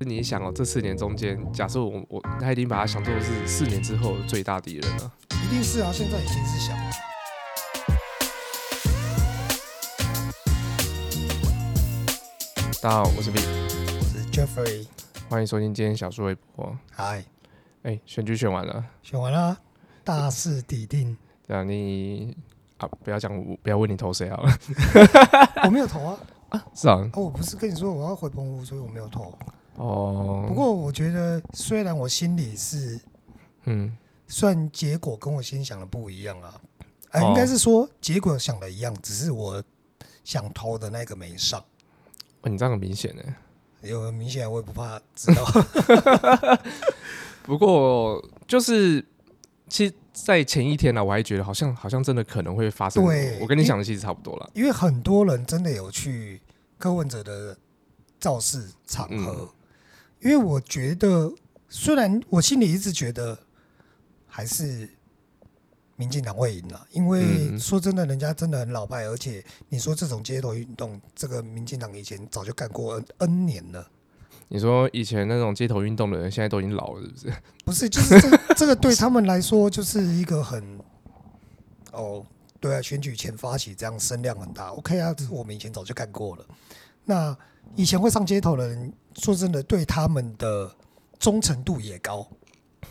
你一想哦，這四年中間，假設我我他已經把他想做的是四年之後的最大敵人了，一定是啊，現在已經是小。大家好，我是 Bee，我是 Jeffrey，歡迎收聽今天小說微博。嗨，哎、欸，選舉選完了，選完了，大勢底定。對啊，你啊，不要講我，不要問你投誰好了。 我沒有投啊啊，是啊，啊，我不是跟你說我要回澎湖，所以我沒有投。哦、oh，不過我覺得雖然我心裡是，嗯，算結果跟我心想的不一樣啊，啊、oh. 呃，應該是說，結果想的一樣，只是我想投的那個沒上。哦，你這樣很明顯呢？有明顯我也不怕知道。 不過就是其實在前一天呢、啊，我還覺得好像好像真的可能會發生，對我跟你想的其實差不多了，因為很多人真的有去柯文哲的造勢場合。嗯因為我覺得，雖然我心裡一直覺得還是民進黨會贏了啊，因為說真的，人家真的很老派，而且你說這種街頭運動，這個民進黨以前早就幹過 N 年了。你說以前那種街頭運動的人，現在都已經老了，是不是？不是，就是這，這個對他們來說就是一個很哦，對啊，選舉前發起這樣聲量很大，OK 啊，就是我們以前早就幹過了。那以前會上街頭的人，說真的，對他們的忠誠度也高，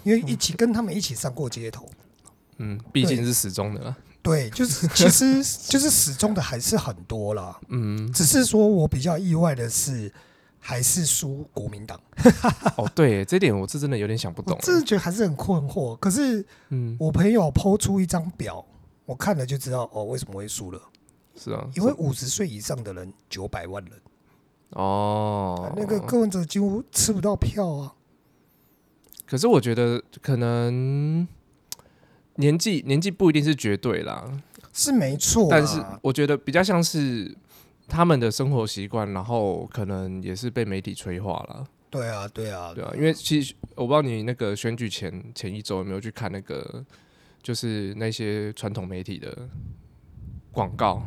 因為一起跟他們一起上過街頭。嗯，畢、嗯、竟是始終的啊。對，就是其實就是始終的還是很多啦。嗯，只是說我比較意外的是，還是輸國民黨。哦，對，這點我是真的有點想不懂，我真的覺得還是很困惑。可是，我朋友拋出一張表，我看了就知道哦，為什麼會輸了。是啊，因為五十歲以上的人九百萬人，哦，哎、那個柯文哲幾乎吃不到票啊。可是我覺得可能年紀年紀不一定是絕對啦，是沒錯。但是我覺得比較像是他們的生活習慣，然後可能也是被媒體催化了。對啊，對啊，對啊，因為其實我不知道你那個選舉前前一周有沒有去看那個，就是那些傳統媒體的廣告。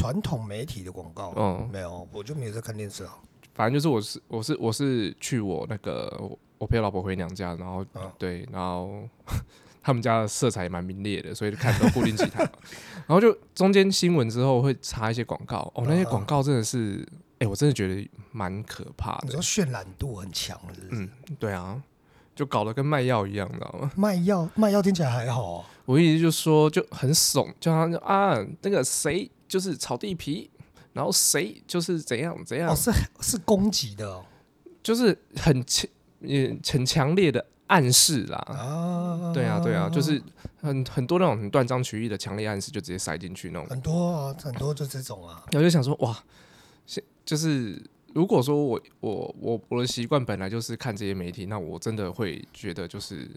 傳統媒體的廣告，嗯，沒有，我就沒有在看電視啊。反正就是我是我是我是去我那個我陪老婆回娘家，然後、啊、對，然後他們家的色彩也蠻明裂的，所以就看到固定其他， 然後就中間新聞之後會插一些廣告，哦，那些廣告真的是，哎、嗯欸，我真的覺得蠻可怕的，你說渲染度很強是不是，嗯，對啊，就搞得跟賣藥一樣的，你知道嗎，賣藥賣藥聽起來還好、啊，我一直就說就很慫，叫他就，就啊那個誰。就是炒地皮，然後誰就是怎樣怎樣，哦、是是攻擊的、哦，就是很強、很強烈的暗示啦、啊。對啊，對啊，就是很很多那種很斷章取義的強烈暗示，就直接塞進去那種。很多啊，很多就這種啊。我就想說，哇，現就是如果說我我我我的習慣本來就是看這些媒體，那我真的會覺得就是。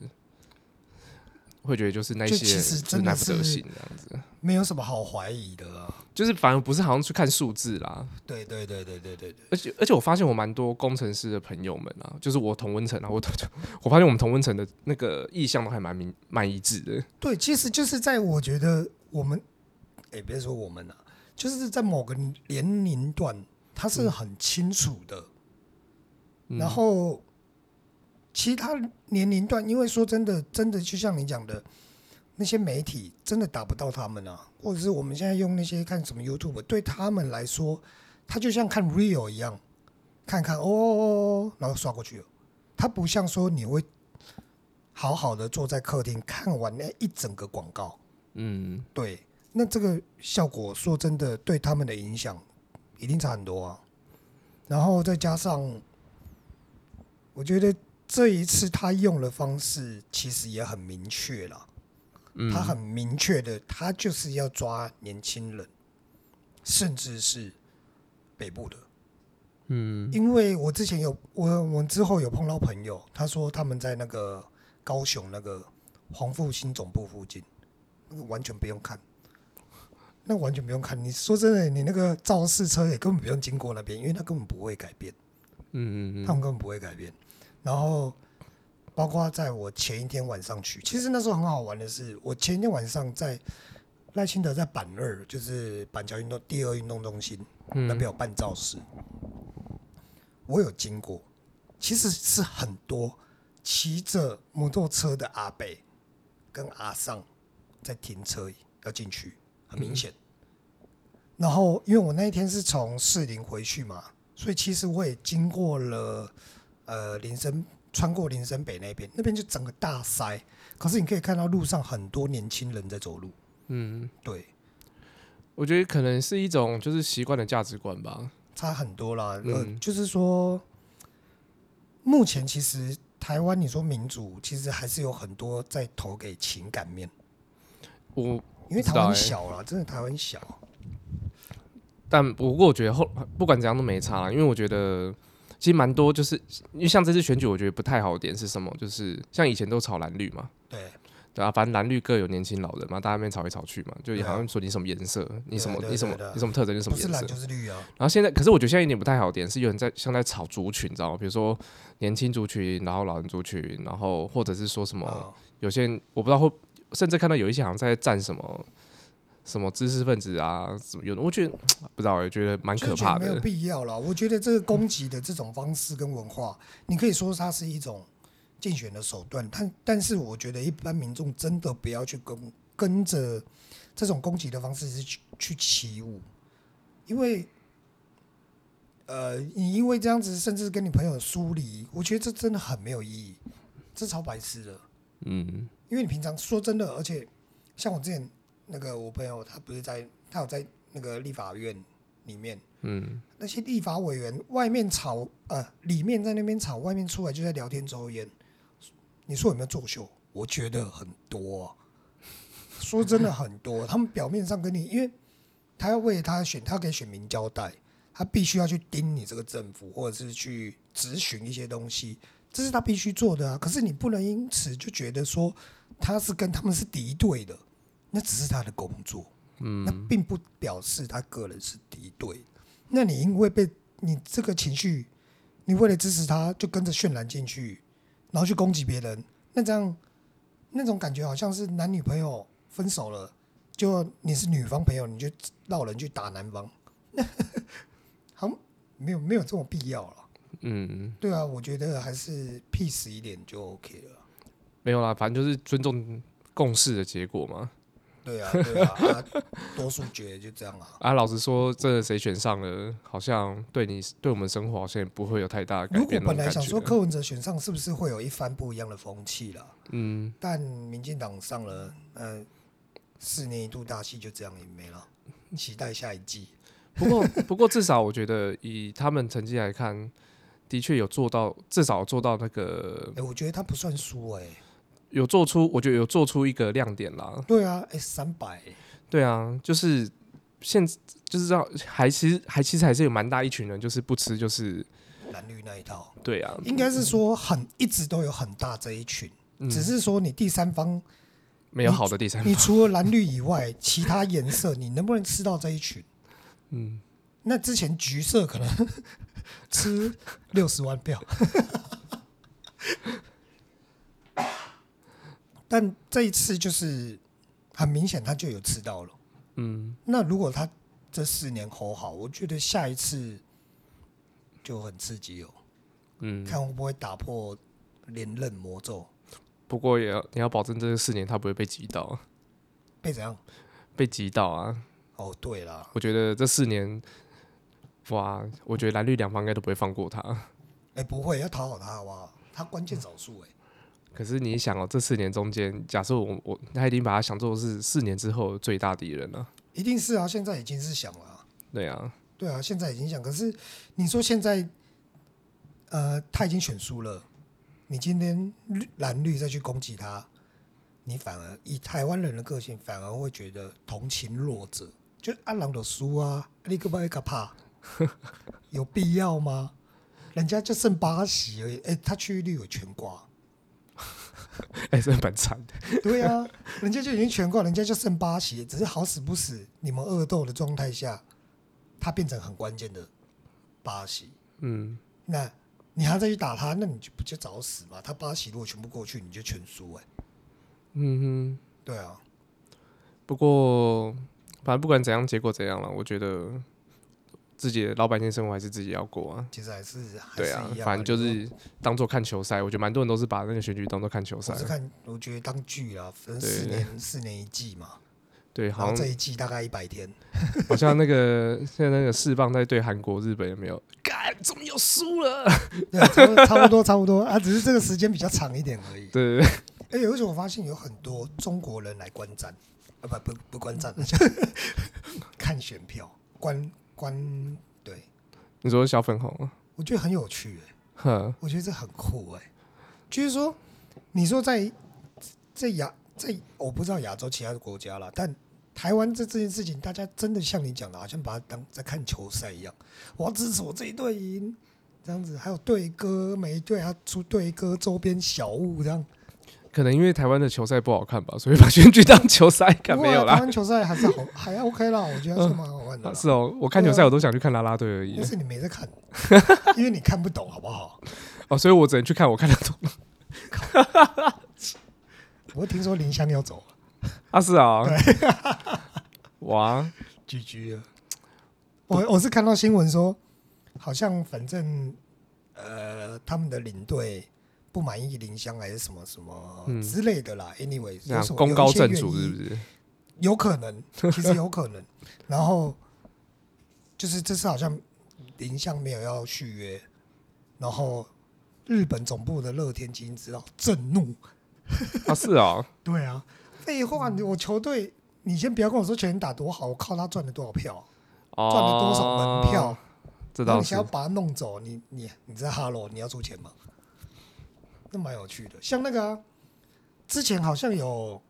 會覺得就是那些是難執行這樣子，沒有什麼好懷疑的，就是反而不是好像去看數字啦。對對對對對對，而且而且我發現我蠻多工程師的朋友們啊，就是我同溫層啊，我同我發現我們同溫層的那個意向都還蠻明蠻一致的。對，其實就是在我覺得我們，哎、欸，別說我們了、啊，就是在某個年齡段，他是很清楚的，然後。其他年齡段，因為說真的，真的就像你講的，那些媒體真的打不到他們啊，或者是我們現在用那些看什麼 YouTube，對他們來說，他就像看 Real 一樣，看看哦哦哦，然後刷過去了，他不像說你會好好的坐在客廳看完那一整個廣告，嗯，對，那這個效果說真的對他們的影響一定差很多啊，然後再加上，我覺得。這一次他用的方式其實也很明確了，他很明確的，他就是要抓年輕人，甚至是北部的。嗯，因為我之前有我我之後有碰到朋友，他說他們在那個高雄那個黃復興總部附近，完全不用看，那完全不用看。你說真的，你那個造勢車也根本不用經過那邊，因為他根本不會改變。嗯嗯嗯，他們根本不會改變。然後，包括在我前一天晚上去，其實那時候很好玩的是，我前一天晚上在賴清德在板二，就是板橋運動第二運動中心、嗯、那邊有辦造勢，我有經過，其實是很多騎着摩托車的阿伯跟阿桑在停車要進去，很明顯、嗯。然後，因為我那一天是從士林回去嘛，所以其實我也經過了。呃，林森穿過林森北那邊，那邊就整個大塞。可是你可以看到路上很多年輕人在走路。嗯，對。我覺得可能是一種就是習慣的價值觀吧。差很多啦，嗯，呃，就是說，目前其實台灣你說民主，其實還是有很多在投給情感面。我因為台灣小啦，真的台灣小。但不過我覺得後不管怎樣都沒差，嗯，因為我覺得。其實蠻多，就是因為像這次選舉，我覺得不太好的點是什麼？就是像以前都炒藍綠嘛，對，對啊，反正藍綠各有年輕老人嘛，大家面炒來炒去嘛，就好像說你什麼顏色，你，你什麼，你什麼，你什麼特徵，你什麼顏色。不是藍就是綠啊。然後現在，可是我覺得現在有點不太好的點是有人在像在炒族群，你知道嗎？比如說年輕族群，然後老人族群，然後或者是說什麼，有些我不知道會，甚至看到有一些好像在戰什麼。什麼知識分子啊，什麼有的，我覺得不知道哎，我也覺得蠻可怕的。全全沒有必要了，我覺得這個攻擊的這種方式跟文化，嗯、你可以說它是一種競選的手段，但但是我覺得一般民眾真的不要去跟跟着這種攻擊的方式是去去起舞，因為呃，你因為這樣子，甚至跟你朋友疏離，我覺得這真的很沒有意義，這超白痴的。嗯，因為你平常說真的，而且像我之前。那個我朋友他不是在，他有在那個立法院裡面，嗯，那些立法委員外面吵呃，裡面在那邊吵，外面出來就在聊天抽煙。你說有沒有作秀？我覺得很多、啊， 說真的很多。他們表面上跟你，因為他要為他選，他要給選民交代，他必須要去盯你這個政府，或者是去質詢一些東西，這是他必須做的、啊。可是你不能因此就覺得說他是跟他們是敵對的。那只是他的工作，嗯，那並不表示他個人是敵對。那你因為被你這個情緒，你為了支持他，就跟着渲染進去，然後去攻擊別人，那這樣那種感覺好像是男女朋友分手了，就你是女方朋友，你就鬧人去打男方， 好，沒有沒有這麼必要了。嗯，對啊，我覺得還是 peace 一點就 OK 了。沒有啦，反正就是尊重共識的結果嘛。對啊，對啊，啊多數決就這樣啊。啊，老實說，這誰選上了，好像對你對我們生活好像也不會有太大的改變感覺了。如果本來想說柯文哲選上是不是會有一番不一樣的風氣了？嗯，但民進黨上了，嗯、呃，四年一度大戲就這樣也沒了。期待下一季。不過，不過至少我覺得以他們成績來看， 的確有做到，至少有做到那個。哎、欸，我覺得他不算輸哎、欸。有做出，我覺得有做出一個亮點啦。對啊，S 三百。對啊，就是現就是知道，還是還其實還是有蠻大一群人，就是不吃就是藍綠那一套。對啊，應該是說很一直都有很大這一群，嗯、只是說你第三方、嗯、沒有好的第三方，你除，你除了藍綠以外， 其他顏色你能不能吃到這一群？嗯，那之前橘色可能呵呵吃六十萬票。 但這一次就是很明顯，他就有吃到了。嗯，那如果他這四年好好，我覺得下一次就很刺激哦、喔。嗯，看會不會打破連任魔咒。不過也要，你要保證這四年他不會被擊倒，被怎樣？被擊倒啊！哦，對啦，我覺得這四年，哇，我覺得藍綠兩方應該都不會放過他。哎、欸，不會，要討好他好不好？他關鍵少數哎。嗯可是你想哦、喔，這四年中間，假設我我他已經把他想做是四年之後的最大敵人了、啊，一定是啊，現在已經是想了、啊。對啊，對啊，現在已經想。可是你說現在，呃，他已經選輸了，你今天綠藍綠再去攻擊他，你反而以台灣人的個性，反而會覺得同情弱者，就阿郎的輸啊，你可不可以？可怕？有必要嗎？人家就剩八席而已，哎、欸，他區域率有全掛。哎、 欸，是蠻慘的。對啊， 人家就已經全掛，人家就剩八席，只是好死不死，你們惡鬥的狀態下，他變成很關鍵的八席。嗯那，那你還要再去打他，那你就不就找死嗎？他八席如果全部過去，你就全輸哎、欸。嗯哼，對啊。不過，反正不管怎樣，結果怎樣了，我覺得。自己的老百姓生活還是自己要過啊，其實還是還是對啊，反正就是當做看球賽，我覺得蠻多人都是把那個選舉當做看球賽，看我覺得當劇啊，反四年對對對，四年一季嘛，對，好像這一季大概一百天，好像那個 現在那個世棒，在對韓國、日本有沒有？幹怎麼又輸了？差不多，差不多啊，只是這個時間比較長一點而已對、欸。對，哎，有一種我發現有很多中國人來觀戰啊，不不不觀戰，啊、看選票觀。關，對，你說小粉紅啊？我覺得很有趣、欸、我覺得這很酷哎、欸。就是說，你說在在亞在我不知道亞洲其他的國家啦，但台灣這這件事情，大家真的像你講的，好像把它當在看球賽一樣，我要支持我這一隊贏，這樣子，還有隊歌，每一隊他出隊歌周邊小物這樣。可能因為台灣的球賽不好看吧，所以把選舉當球賽看、嗯、沒有啦、啊。台灣球賽還是好，還 OK 啦，我覺得是蠻好玩的、嗯啊。是哦，我看球賽我都想去看拉拉隊而已、啊。但是你沒在看， 因為你看不懂，好不好？哦，所以我只能去看我看得懂。 我聽說林香要走，阿是啊，是哦、對哇，GG 啊。我我是看到新聞說，好像反正呃，他們的領隊。不滿意林香還是什麼什麼之類的啦，anyway，、嗯、是我有什麼有些願意是不是，有可能，其實有可能。 然後就是這次好像林香沒有要續約，然後日本總部的樂天金知道震怒啊，是啊、喔， 對啊，廢話，我球隊，你先不要跟我說球員打多好，我靠他賺了多少票，賺、哦、了多少門票，你先要把他弄走，你你你知道哈羅，你要出錢嗎？蠻有趣的，像那個、啊、之前好像有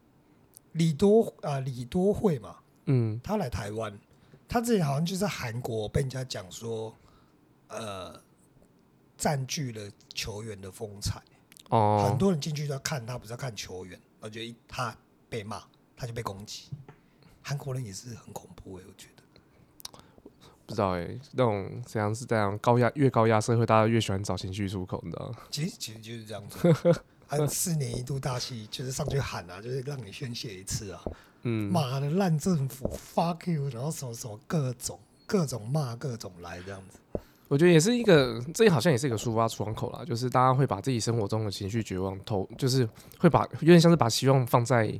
李多啊、呃、李多慧嘛，嗯，他來台灣，他自己好像就在韓國被人家講說，呃，佔據了球員的風采，哦，很多人進去都要看他，不是要看球員，我覺得他被罵，他就被攻擊，韓國人也是很恐怖哎、欸，我覺得。不知道哎、欸，那種怎樣是這樣，高壓越高壓社會，大家越喜歡找情緒出口，你知道嗎？其實其實就是這樣子， 還有四年一度大戲，就是上去喊啊，就是讓你宣泄一次啊。嗯，媽的爛政府，fuck you，然後什麼什麼各種各種罵各種來這樣子。我覺得也是一個，這好像也是一個抒發窗口啦，就是大家會把自己生活中的情緒絕望投，就是會把有點像是把希望放在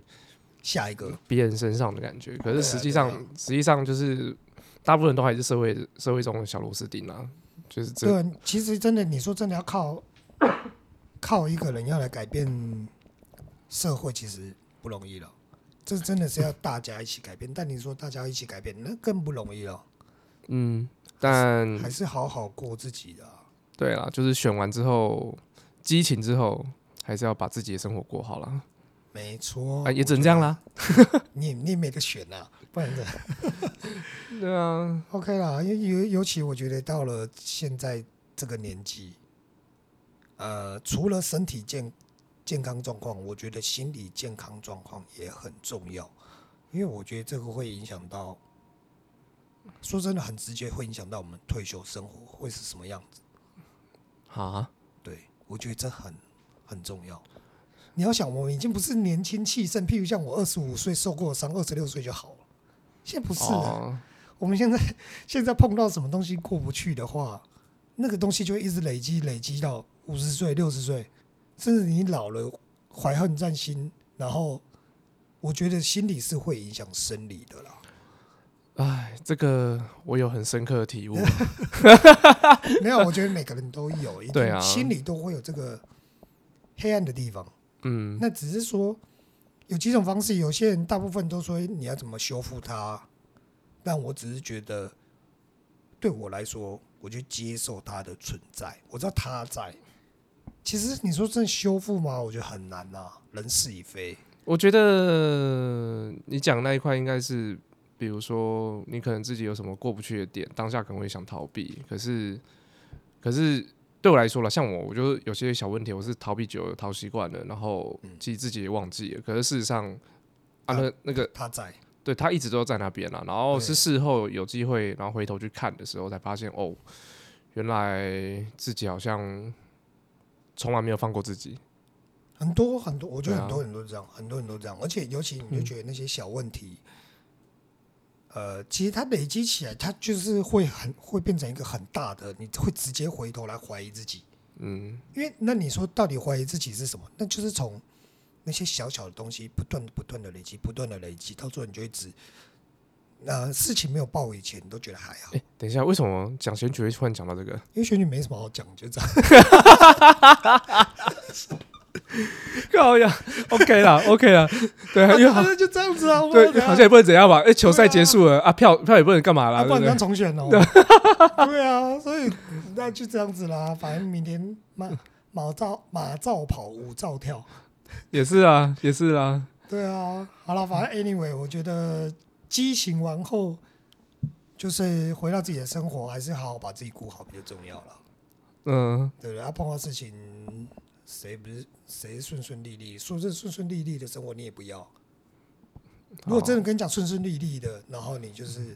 下一個別人身上的感覺。可是實際上實際上就是。大部分都還是社會社會中的小螺絲釘啦。就是這對，其實真的，你說真的要靠靠一個人要來改變社會，其實不容易了。這真的是要大家一起改變， 但你說大家一起改變，那更不容易了。嗯，但還是，還是好好過自己的、啊。對啦，就是選完之後，激情之後，還是要把自己的生活過好了。沒錯啊，也只能這樣啦、啊。 你你沒得選啊不然這 對啊，OK 啦。因為尤其我覺得到了現在這個年紀，呃，除了身體健健康狀況，我覺得心理健康狀況也很重要。因為我覺得這個會影響到，說真的很直接，會影響到我們退休生活會是什麼樣子。啊，對，我覺得這很很重要。你要想，我們已經不是年輕氣盛，譬如像我二十五歲受過傷，二十六歲就好了。現在不是了，oh. 我們現在現在碰到什麼東西過不去的話，那個東西就會一直累積累積到五十歲、六十歲，甚至你老了懷恨在心，然後我覺得心理是會影響生理的啦。哎，這個我有很深刻的體悟 。 沒有，我覺得每個人都有一定、啊、心裡都會有這個黑暗的地方。嗯，那只是說。有幾種方式，有些人大部分都說你要怎麼修復它，但我只是覺得，對我來說，我就接受它的存在，我知道它在。其實你說真的修復嗎？我覺得很難啊，人事已非。我覺得你講那一塊應該是，比如說你可能自己有什麼過不去的點，當下可能會想逃避，可是，可是。對我來說啦，像我，我就有些小問題，我是逃避久了，逃習慣了，然後自己自己也忘記了、嗯。可是事實上，啊，他那那個他在，對他一直都在那邊啦。然後是事後有機會，然後回頭去看的時候，才發現哦，原來自己好像從來沒有放過自己。很多很多，我覺得很多很多這樣，啊、很多很多這樣，而且尤其你就覺得那些小問題。嗯呃，其實它累積起來，它就是會很會變成一個很大的，你會直接回頭來懷疑自己，嗯，因為那你說到底懷疑自己是什麼？那就是從那些小小的東西，不斷不斷的累積，不斷的累積，到最後你就一直，呃，事情沒有爆以前，你都覺得還好。欸，等一下，為什麼講選舉會突然講到這個？因為選舉沒什麼好講，就這樣。 看呀，OK 啦，OK 啦，okay 啦 對，啊、好像 就這樣子啊，對，好像也不能怎樣吧。哎、欸，球賽結束了啊，啊，票票也不能幹嘛啦，對、啊、不對？重選哦，對， 對啊，所以那就這樣子啦。反正明天馬馬照馬照跑舞，舞照跳，也是啊，也是啊， 對啊。好了，反正 anyway，我覺得激情完後，就是回到自己的生活，還是好好把自己顧好比較重要了。嗯，對不對？啊、碰到事情。誰不是誰順順利利？說這順順利利的生活你也不要。如果真的跟你講順順利利的，然後你就是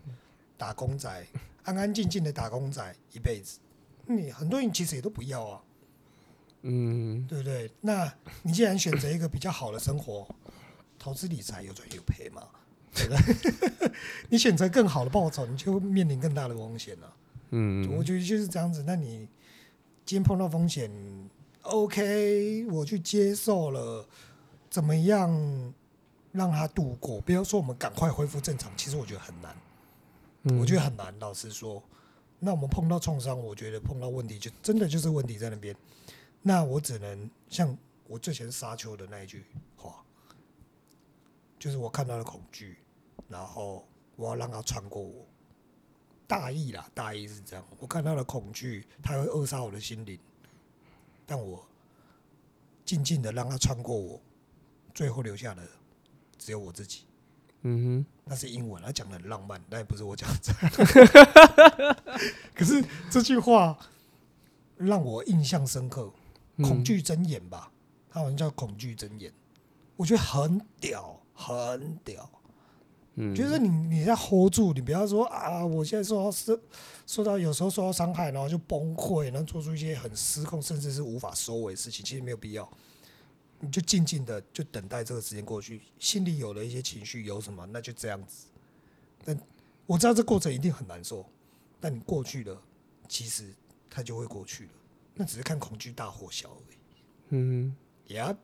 打工仔，安安靜靜的打工仔一輩子，你很多人其實也都不要啊。嗯，對不對？那你既然選擇一個比較好的生活，投資理財有賺有賠嘛？對不對？ 你選擇更好的報酬，你就會面臨更大的風險了啊。嗯，我覺得就是這樣子。那你今天碰到風險？OK，我去接受了，怎麼樣讓他度過？比如說我們趕快恢復正常，其實我覺得很難，嗯，我覺得很難。老實說，那我們碰到創傷，我覺得碰到問題就，就真的就是問題在那邊。那我只能像我之前沙丘的那一句話，就是我看到了恐懼，然後我要讓他穿過我。大意啦，大意是這樣。我看到了恐懼，他會扼殺我的心靈，但我靜靜的讓他穿過我，最後留下的只有我自己。嗯哼，那是英文，他講的很浪漫，那也不是我講的。 可是這句話讓我印象深刻，恐懼真言吧，他、嗯、好像叫恐懼真言，我覺得很屌，很屌。就是你，你在 hold 住，你不要說啊，我現在受到受到有時候受到傷害，然後就崩潰，然後做出一些很失控，甚至是無法收尾的事情，其實沒有必要。你就靜靜的就等待這個時間過去，心裡有了一些情緒有什麼，那就這樣子。但我知道這過程一定很難受，但你過去了，其實它就會過去了，那只是看恐懼大或小而已。嗯，也、yeah.。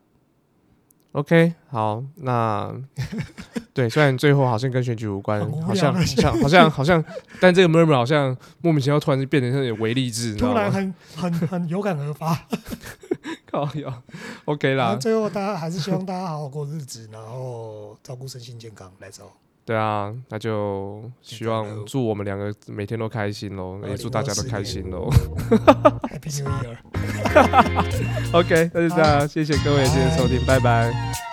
OK，好，那 對，雖然最後好像跟選舉無關，無好像像好像， 好，像好像，但這個 Murmur 好像莫名其妙突然就變得像有點唯利字，突然很很很有感而發 靠，好有 OK 啦。後最後大家還是希望大家好好過日子， 然後照顧身心健康，來走。對啊，那就希望祝我們兩個每天都開心嘍，也、嗯、祝大家都開心嘍。 Happy New Year！OK， okay, 那就這樣，Bye. 謝謝各位今天收聽，拜拜。